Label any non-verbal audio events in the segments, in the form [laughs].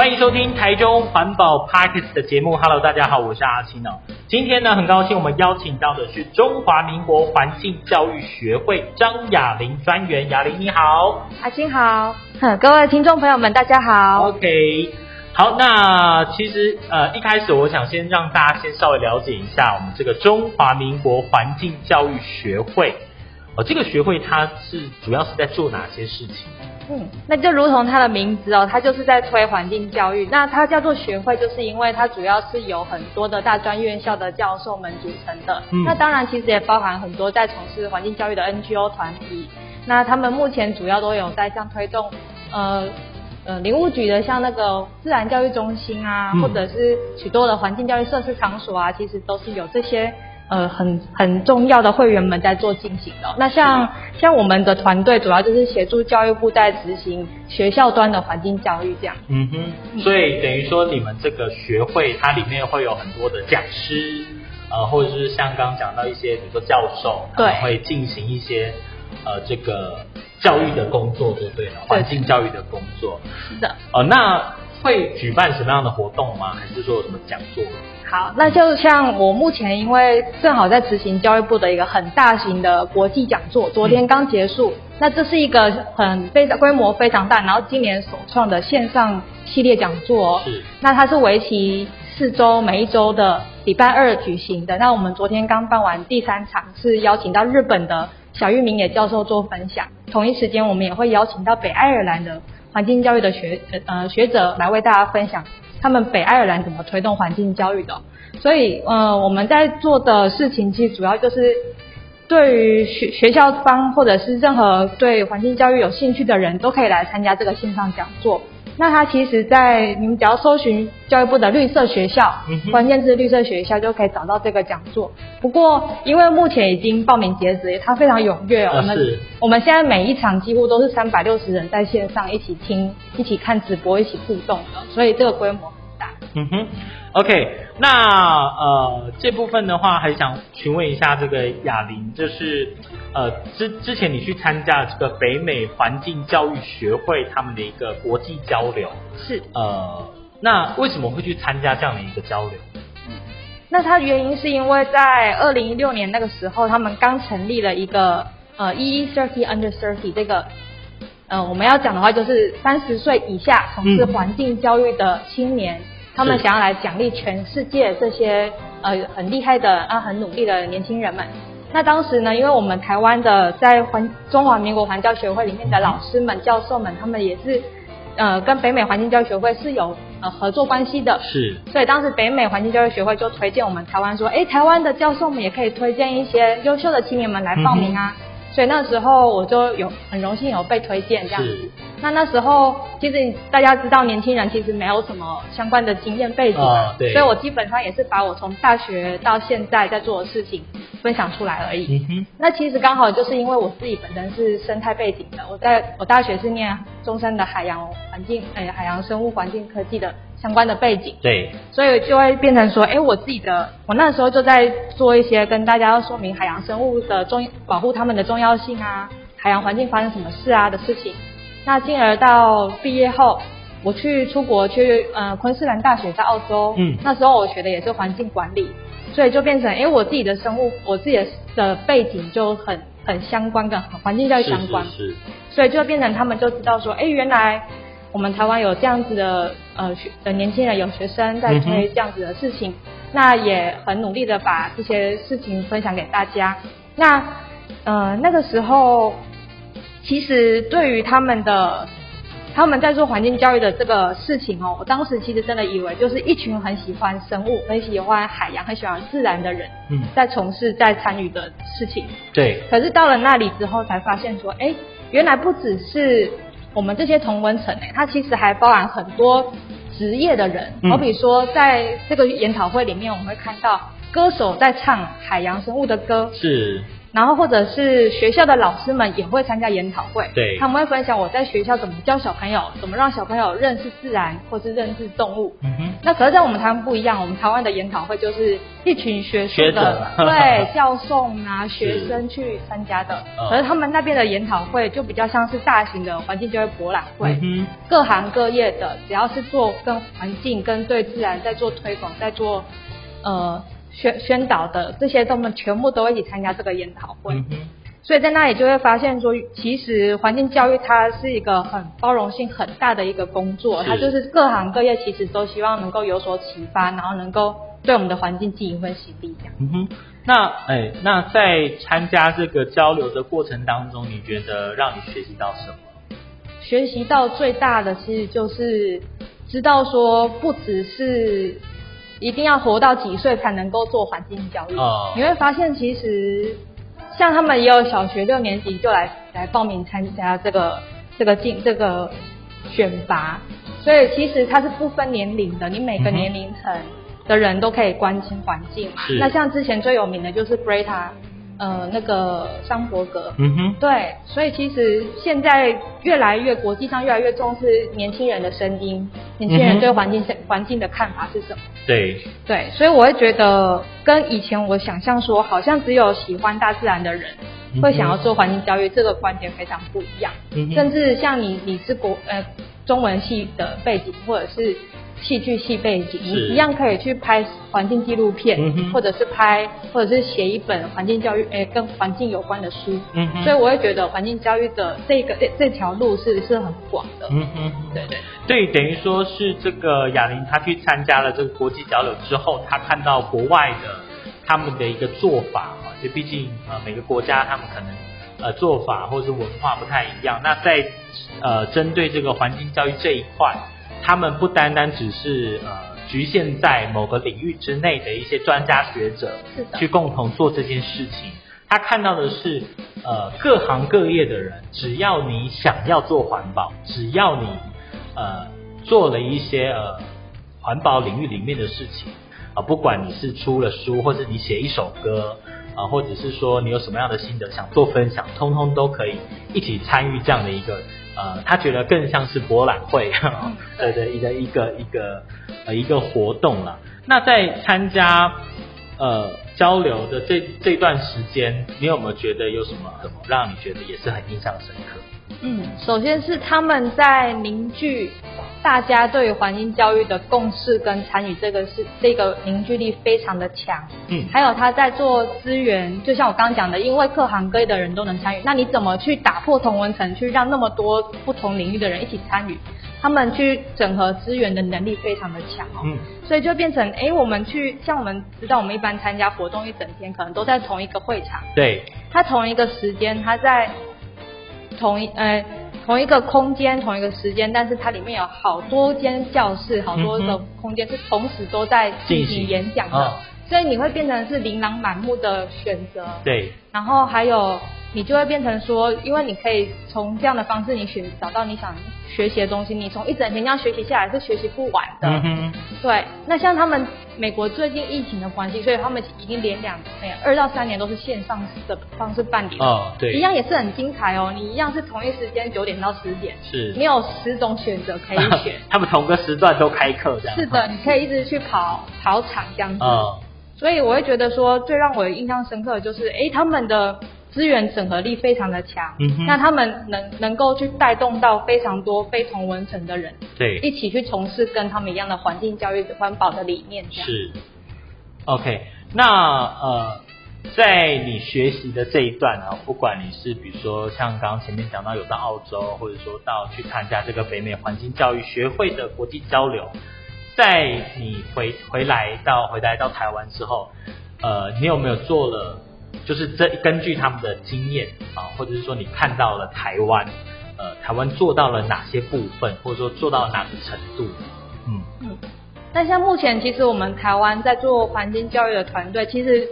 歡迎收聽台中環保 Podcast 的節目。Hello，大家好，我是阿青。今天呢，很高興我們邀請到的是中華民國環境教育學會張雅淩專員。雅淩你好，阿青好，各位聽眾朋友們大家好。OK，好，那其實呃一開始我想先讓大家先稍微了解一下我們這個中華民國環境教育學會哦、呃，這個學會它是主要是在做哪些事情？嗯，那就如同他的名字哦，他就是在推環境教育。那他叫做學會，就是因為它主要是由很多的大專院校的教授們組成的。嗯，那當然其實也包含很多在從事環境教育的 NGO 團體。那他們目前主要都有在像推動，呃呃，林務局的像那個自然教育中心啊，嗯，或者是許多的環境教育設施場所啊，其實都是有這些。呃，很很重要的會員們在做進行的哦。那像的像我們的團隊，主要就是協助教育部在執行學校端的環境教育這樣。嗯哼，所以等於說你們這個學會，它裡面會有很多的講師，呃，或者是像剛講到一些，比如說教授，對，會進行一些呃這個教育的工作對，對不對？環境教育的工作，是的。哦，呃，那。會舉辦什麼樣的活動嗎？還是說有什麼講座？好，那就像我目前，因為正好在執行教育部的一個很大型的國際講座，昨天剛結束。嗯、那這是一個很非常規模非常大，嗯、然後今年首創的線上系列講座、哦。是。那它是為期四周，每一周的禮拜二舉行的。那我們昨天剛辦完第三場，是邀請到日本的小玉明野教授做分享。同一時間，我們也會邀請到北愛爾蘭的。環境教育的學呃學者來為大家分享他們北愛爾蘭怎麼推動環境教育的，所以呃我們在做的事情其實主要就是對，對於學學校方或者是任何對環境教育有興趣的人都可以來參加這個線上講座。那他其實在，在你們只要搜尋教育部的綠色學校，嗯、哼關鍵字綠色學校就可以找到這個講座。不過，因為目前已經報名截止，他非常踴躍。我們我們現在每一場幾乎都是三百六十人在線上一起聽、一起看直播、一起互動的，所以這個規模很大。嗯哼。OK，那呃，這部分的話，還想詢問一下這個雅淩，就是呃之之前你去參加這個北美環境教育學會他們的一個國際交流，是呃，那為什麼會去參加這樣的一個交流？嗯，那它原因是因為在二零一六年那個時候，他們剛成立了一個呃 EE thirty under thirty 這個，嗯、呃，我們要講的話就是三十歲以下從事環境教育的青年。嗯他們想要來獎勵全世界這些是呃很厲害的啊很努力的年輕人們。那當時呢，因為我們台灣的在環中華民國環境教育學會裡面的老師們、嗯、哼教授們，他們也是呃跟北美環境教育學會是有呃合作關係的。是。所以當時北美環境教育學會就推薦我們台灣說，誒，台灣的教授們也可以推薦一些優秀的青年們來報名啊。嗯所以那時候我就有很榮幸有被推薦這樣子。是那那時候其實大家知道，年輕人其實沒有什麼相關的經驗背景的，啊、對，所以我基本上也是把我從大學到現在在做的事情分享出來而已。嗯、哼那其實剛好就是因為我自己本身是生態背景的，我在我大學是念中山的海洋環境、欸，海洋生物環境科技的。相關的背景，對，所以就會變成說，哎、欸，我自己的，我那時候就在做一些跟大家要說明海洋生物的重保護它們的重要性啊，海洋環境發生什麼事啊的事情，那進而到畢業後，我去出國去，呃，昆士蘭大學在澳洲，嗯，那時候我學的也是環境管理，所以就變成，哎、欸，我自己的生物，我自己的背景就很很相關跟環境教育相關，是，是，是，所以就變成他們就知道說，哎、欸，原來我們台灣有這樣子的，呃，學的年輕人，有學生在做這樣子的事情，嗯、哼那也很努力的把這些事情分享給大家。那，呃，那個時候，其實對於他們的，他們在做環境教育的這個事情哦，我當時其實真的以為就是一群很喜歡生物、很喜歡海洋、很喜歡自然的人在從，在從事、在參與的事情。對、嗯。可是到了那裡之後，才發現說，哎、欸，原來不只是。我們這些同溫層呢，它其實還包含很多職業的人，嗯、好比說在這個研討會裡面，我們會看到歌手在唱海洋生物的歌。是。然後，或者是學校的老師們也會參加研討會，對，他們會分享我在學校怎麼教小朋友，怎麼讓小朋友認識自然，或是認識動物。嗯哼那可是，在我們台灣不一樣，我們台灣的研討會就是一群學生的學者對 [laughs] 教授啊學生去參加的，嗯、可是他們那邊的研討會就比較像是大型的環境教育博覽會，嗯、哼各行各業的只要是做跟環境跟對自然在做推廣，在做呃。宣宣導的這些，他們全部都一起參加這個研討會，嗯、哼所以在那裡就會發現說，其實環境教育它是一個很包容性很大的一個工作，是它就是各行各業其實都希望能夠有所啟發，然後能夠對我們的環境進行分析這樣。嗯哼，那哎、欸，那在參加這個交流的過程當中，你覺得讓你學習到什麼？學習到最大的其實就是知道說，不只是，一定要活到幾歲才能夠做環境教育？哦，oh. 你會發現其實像他們也有小學六年級就來來報名參加這個這個進這個選拔，所以其實它是不分年齡的，你每個年齡層的人都可以關心環境、mm hmm. 那像之前最有名的就是 Greta 呃，那個桑伯格。嗯哼、mm。Hmm. 對，所以其實現在越來越國際上越來越重視年輕人的聲音，年輕人對環境、環、mm hmm. 境的看法是什麼？對，對，所以我會覺得跟以前我想象說，好像只有喜歡大自然的人會想要做環境教育，這個觀點非常不一樣。嗯，甚至像你，你是國，呃，中文系的背景，或者是。戲劇系背景是一樣可以去拍環境紀錄片，嗯、哼或者是拍，或者是寫一本環境教育、欸、跟環境有關的書。嗯、哼所以我會覺得環境教育的這個這條路是是很廣的。嗯、哼對，對對。對，等於說是這個雅淩，他去參加了這個國際交流之後，他看到國外的他們的一個做法啊，就畢竟、呃、每個國家他們可能、呃、做法或者是文化不太一樣。那在呃針對這個環境教育這一塊，他們不單單只是呃局限在某個領域之內的一些專家學者，去共同做這件事情。是的。他看到的是，呃，各行各業的人，只要你想要做環保，只要你呃做了一些呃環保領域裡面的事情呃，不管你是出了書，或者你寫一首歌呃，或者是說你有什麼樣的心得想做分享，通通都可以一起參與這樣的一個。呃，他覺得更像是博覽會，嗯，呃，的一個一個一個一個活動啦。那在參加呃交流的這這段時間，你有沒有覺得有什麼什麼讓你覺得也是很印象深刻？嗯，首先是他們在凝聚大家對於環境教育的共識跟參與，這個是這個凝聚力非常的強。嗯，還有他在做資源，就像我剛剛講的，因為各行各業的人都能參與，那你怎麼去打破同溫層，去讓那麼多不同領域的人一起參與？他們去整合資源的能力非常的強。嗯，所以就變成，哎、欸，我們去像我們知道，我們一般參加活動一整天，可能都在同一個會場。對，他同一個時間，他在。同一呃，同一個空間同一個時間，但是它裡面有好多間教室，好多的空間是同時都在進行演講的，嗯、哼所以你會變成是琳琅滿目的選擇。對，然後還有。你就會變成說，因為你可以從這樣的方式你，你選找到你想學習的東西。你從一整天這樣學習下來是學習不完的，嗯、哼對。那像他們美國最近疫情的關係，所以他們已經連兩年二到三年都是線上的方式辦理，哦，對，一樣也是很精彩哦。你一樣是同一時間九點到十點，是，你有十種選擇可以選。他們同個時段都開課，的。是的，你可以一直去跑跑場這樣子。哦、所以我會覺得說，最讓我印象深刻的就是，哎、欸，他們的。資源整合力非常的強，嗯、哼那他們能能夠去帶動到非常多非同溫層的人，對，一起去從事跟他們一樣的環境教育、環保的理念。是，OK，那呃，在你學習的這一段啊不管你是比如說像剛剛前面講到有到澳洲，或者說到去參加這個北美環境教育學會的國際交流，在你回回來到回來到台灣之後，呃，你有沒有做了？就是這根據他們的經驗啊、哦，或者是說你看到了台灣，呃，台灣做到了哪些部分，或者說做到哪個程度，嗯嗯。那像目前其實我們台灣在做環境教育的團隊，其實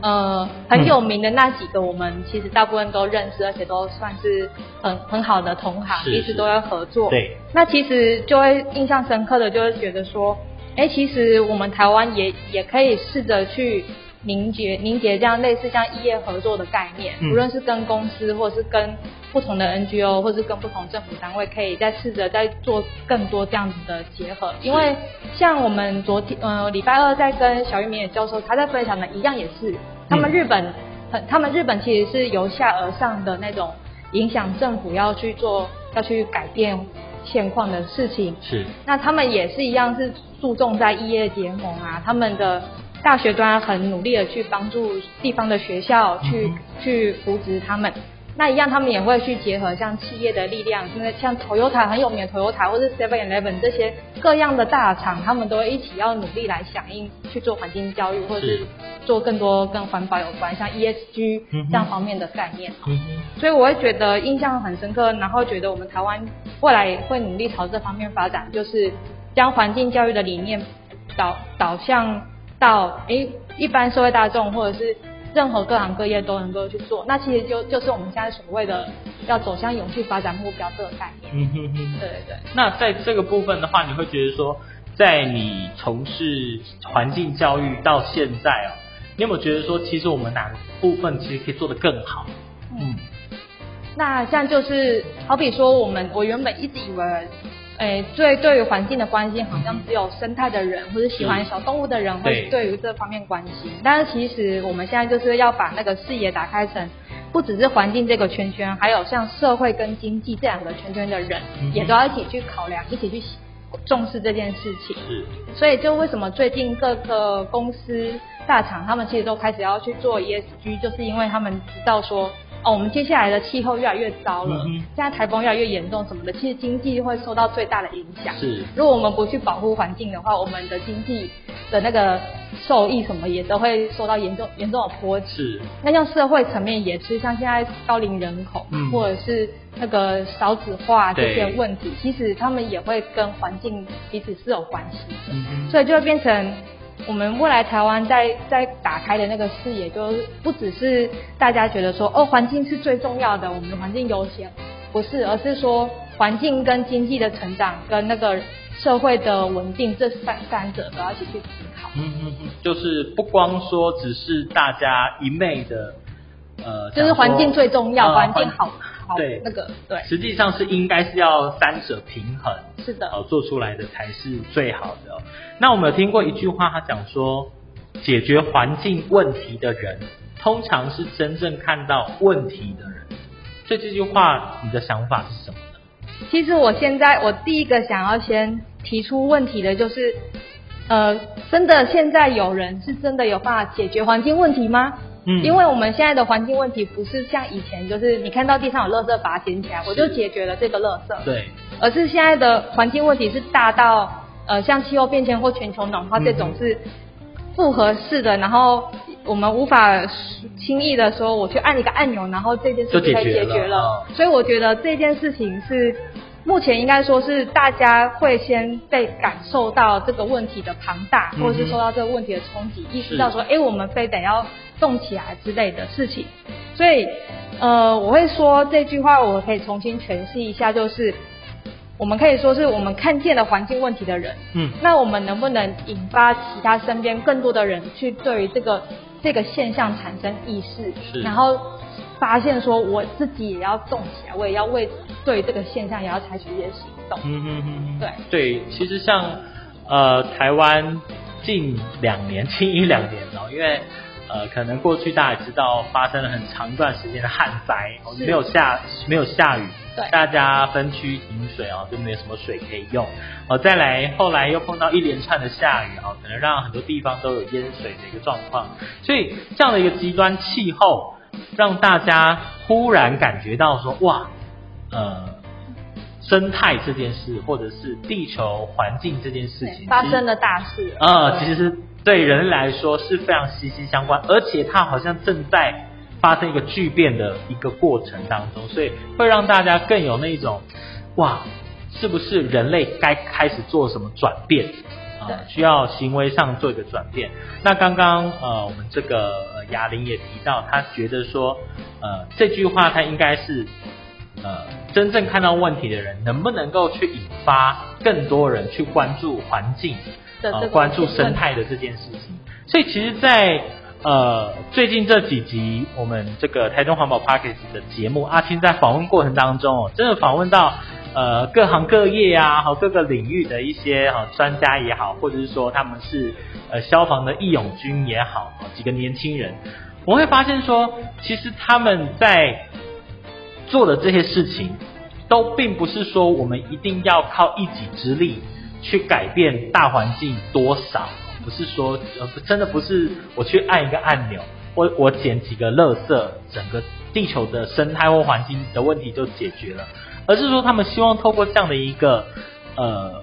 呃很有名的那幾個，我們其實大部分都認識，嗯、而且都算是很很好的同行，是是一直都在合作。對。那其實就會印象深刻的就是覺得說，哎、欸，其實我們台灣也也可以試着去。凝結凝結，凝結這樣類似像異業合作的概念，無論是跟公司，或者是跟不同的 NGO，或者是跟不同政府單位，可以再試着再做更多這樣子的結合。因為像我們昨天，呃，禮拜二在跟小玉敏也教授他在分享的，一樣也是他們日本很，很他們日本其實是由下而上的那種影響政府要去做要去改變現況的事情。是，那他們也是一樣是注重在異業結盟啊，他們的。大學端很努力的去幫助地方的學校去，去、mm hmm. 去扶植他們。那一樣，他們也會去結合像企業的力量，現在像 Toyota 很有名的 Toyota，或者 Seven Eleven 這些各樣的大廠，他們都一起要努力來響應去做環境教育，或是做更多跟環保有關，像 ESG 這樣方面的概念。Mm hmm. 所以我會覺得印象很深刻，然後覺得我們台灣未來會努力朝這方面發展，就是將環境教育的理念導導向。到誒，一般社會大眾或者是任何各行各業都能夠去做，那其實就就是我們現在所謂的要走向永續發展目標的概念。嗯哼哼。對對。那在這個部分的話，你會覺得說，在你從事環境教育到現在哦，你有沒有覺得說，其實我們哪個部分其實可以做得更好？嗯。那像就是，好比說，我們我原本一直以為。哎，欸、對，對於環境的關心好像只有生態的人、嗯、哼或者喜歡小動物的人會、嗯、對於這方面關心。對但是其實我們現在就是要把那個視野打開成，不只是環境這個圈圈，還有像社會跟經濟這兩個圈圈的人、嗯、哼也都要一起去考量，一起去重視這件事情。是。所以就為什麼最近各個公司大廠他們其實都開始要去做 ESG，就是因為他們知道說。哦，我們接下來的氣候越來越糟了，現在、嗯、哼台風越來越嚴重什麼的，其實經濟會受到最大的影響。是，如果我們不去保護環境的話，我們的經濟的那個受益什麼也都會受到嚴重嚴重的波及。是，那像社會層面也是，像現在高齡人口、嗯、或者是那個少子化這些問題，對其實他們也會跟環境彼此是有關係的，嗯、哼所以就會變成。我們未來台灣在在打開的那個視野，就是不只是大家覺得說哦，環境是最重要的，我們的環境優先，不是，而是說環境跟經濟的成長跟那個社會的穩定，這三三者都要一起去思考。嗯嗯嗯，就是不光說只是大家一昧的，呃，就是環境最重要，環境好，好，對，那個對，實際上是應該是要三者平衡，是的，哦，做出來的才是最好的。那我們有聽過一句話，他講說，解決環境問題的人，通常是真正看到問題的人。所以這句話，你的想法是什麼呢？其實我現在，我第一個想要先提出問題的就是，呃，真的現在有人是真的有辦法解決環境問題嗎？嗯。因為我們現在的環境問題不是像以前，就是你看到地上有垃圾，把它撿起來，是我就解決了這個垃圾。對。而是現在的環境問題是大到。呃，像氣候變遷或全球暖化這種是不合適的，嗯、哼然後我們無法輕易的說我去按一個按鈕，然後這件事情可以解決了。決了所以我覺得這件事情是目前應該說是大家會先被感受到這個問題的龐大，嗯、哼或是受到這個問題的衝擊，意識到說，哎的、欸，我們非得要動起來之類的事情。所以，呃，我會說這句話，我可以重新詮釋一下，就是。我們可以說是我們看見了環境問題的人，嗯，那我們能不能引發其他身邊更多的人去對於這個這個現象產生意識，是，然後發現說我自己也要動起來，我也要為對這個現象也要採取一些行動，嗯嗯嗯，嗯嗯對對，其實像呃台灣近兩年近一兩年哦，因為。呃，可能過去大家也知道發生了很長一段時間的旱災，是沒有下沒有下雨，對大家分區飲水啊、哦，就沒什麼水可以用。哦、再來後來又碰到一連串的下雨啊、哦，可能讓很多地方都有淹水的一個狀況。所以這樣的一個極端氣候，讓大家忽然感覺到說哇，呃，生態這件事，或者是地球環境這件事情發生了大事啊，對其實是。對人來說是非常息息相關，而且它好像正在發生一個巨變的一個過程當中，所以會讓大家更有那種，哇，是不是人類該開始做什麼轉變啊、呃？需要行為上做一個轉變。對那剛剛呃，我們這個雅淩也提到，他覺得說，呃，這句話他應該是，呃，真正看到問題的人，能不能夠去引發更多人去關注環境？啊，關注生態的這件事情，所以其實在，在呃最近這幾集我們這個台中環保 Podcast 的節目，阿青在訪問過程當中，真的訪問到呃各行各業啊和各個領域的一些啊專家也好，或者是說他們是呃消防的義勇軍也好，幾個年輕人，我會發現說，其實他們在做的這些事情，都並不是說我們一定要靠一己之力。去改變大環境多少，不是說呃，真的不是我去按一個按鈕，或我撿幾個垃圾，整個地球的生態或環境的問題就解決了。而是說，他們希望透過這樣的一個呃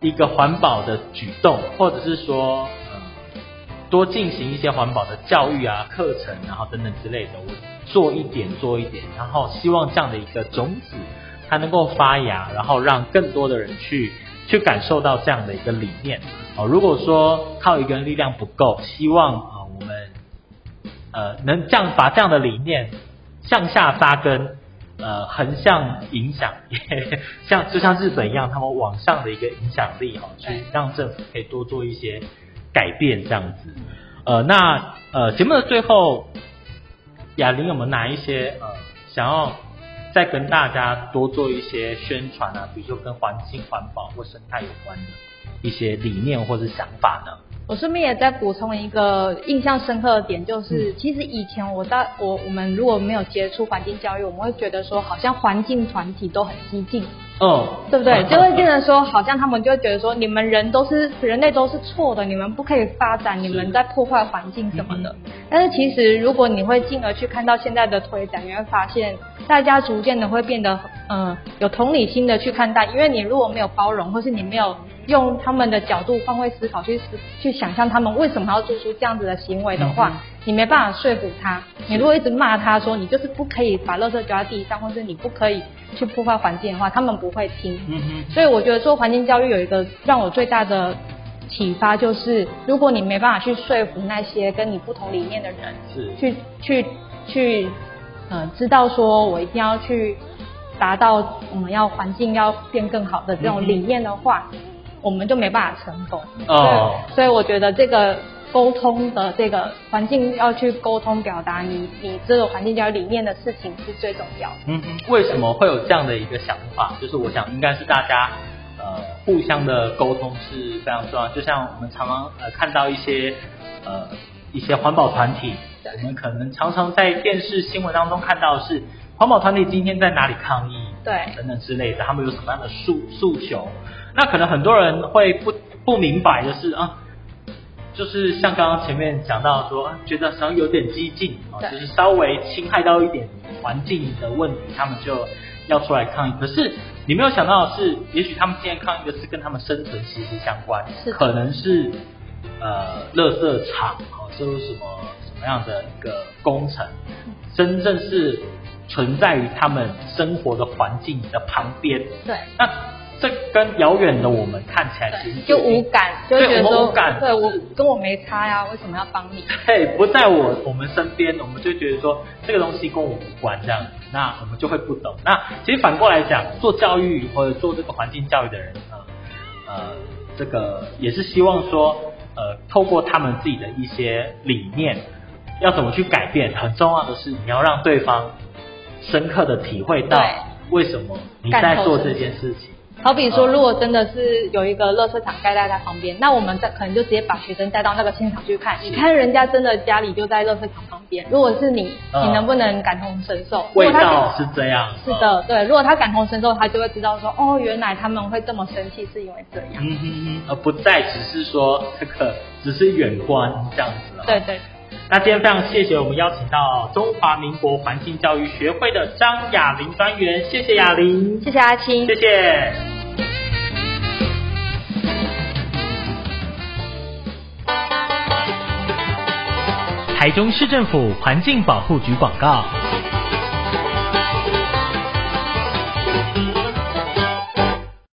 一個環保的舉動，或者是說，呃，多進行一些環保的教育啊、課程，然後等等之類的，我做一點，做一點，然後希望這樣的一個種子它能夠發芽，然後讓更多的人去。去感受到這樣的一個理念，哦，如果說靠一個人力量不夠，希望啊、哦、我們，呃，能這樣把這樣的理念向下紮根，呃，橫向影響， [laughs] 像就像日本一樣，他們往上的一個影響力哈，去讓政府可以多做一些改變，這樣子，呃，那呃節目的最後，雅淩有沒有拿一些呃想要？再跟大家多做一些宣傳啊，比如說跟環境、環保或生態有關的一些理念或者想法呢？我順便也在補充一個印象深刻的點，就是其實以前我在我、我們如果沒有接觸環境教育，我們會覺得說好像環境團體都很激進，哦，對不對？就會變得說好像他們就會覺得說你們人都是人類都是錯的，你們不可以發展，是你們在破壞環境什麼的。嗯嗯、但是其實如果你會進而去看到現在的推展，你會發現大家逐漸的會變得嗯、呃、有同理心的去看待，因為你如果沒有包容，或是你沒有。用他們的角度換位思考去思去想象他們為什麼要做出這樣子的行為的話，嗯、哼你沒辦法說服他。是你如果一直罵他說，你就是不可以把垃圾丟在地上，或是你不可以去破壞環境的話，他們不會聽。嗯嗯，哼所以我覺得做環境教育有一個讓我最大的啟發，就是如果你沒辦法去說服那些跟你不同理念的人，是去去去，呃，知道說我一定要去達到我們要環境要變更好的這種理念的話。嗯我們就沒辦法成功，哦。所以我覺得這個溝通的這個環境要去溝通表達你你這個環境教育理念的事情是最重要的。嗯哼，為什麼會有這樣的一個想法？就是我想應該是大家呃互相的溝通是非常重要，就像我們常常呃看到一些呃一些環保團體，對 我們可能常常在電視新聞當中看到的是環保團體今天在哪裡抗議。對，等等之類的，他們有什麼樣的訴訴求？那可能很多人會不不明白的是啊，就是像剛剛前面講到說，覺得稍微有點激進啊，對就是稍微侵害到一點環境的問題，他們就要出來抗議。可是你沒有想到的是，也許他們現在抗議的是跟他們生存息息相關，是的可能是呃，垃圾場、啊、哦，就是什麼什麼樣的一個工程，真正是。存在於他們生活的環境的旁邊。對。那這跟遙遠的我們看起來其實就，對，就無感，就覺得說，對，我們無感。對，我跟我沒差啊，為什麼要幫你？對，不在我我們身邊，我們就覺得說這個東西跟我無關這樣，嗯、那我們就會不懂。那其實反過來講，做教育或者做這個環境教育的人呢？呃，這個也是希望說，呃，透過他們自己的一些理念，要怎麼去改變，很重要的是你要讓對方。深刻的體會到為什麼你在做這件事情。嗯、好比說，如果真的是有一個垃圾場蓋在他旁邊，那我們在可能就直接把學生帶到那個現場去看。是你看人家真的家裡就在垃圾場旁邊，如果是你，嗯、你能不能感同身受？味道是這樣。嗯、是的，對。如果他感同身受，他就會知道說，哦，原來他們會這麼生氣是因為這樣。嗯嗯，而不再只是說這個，只是遠觀這樣子了。對，對對。那今天非常謝謝我們邀請到中華民國環境教育學會的張雅淩專員，謝謝雅淩，謝謝阿青，謝謝。台中市政府環境保護局廣告。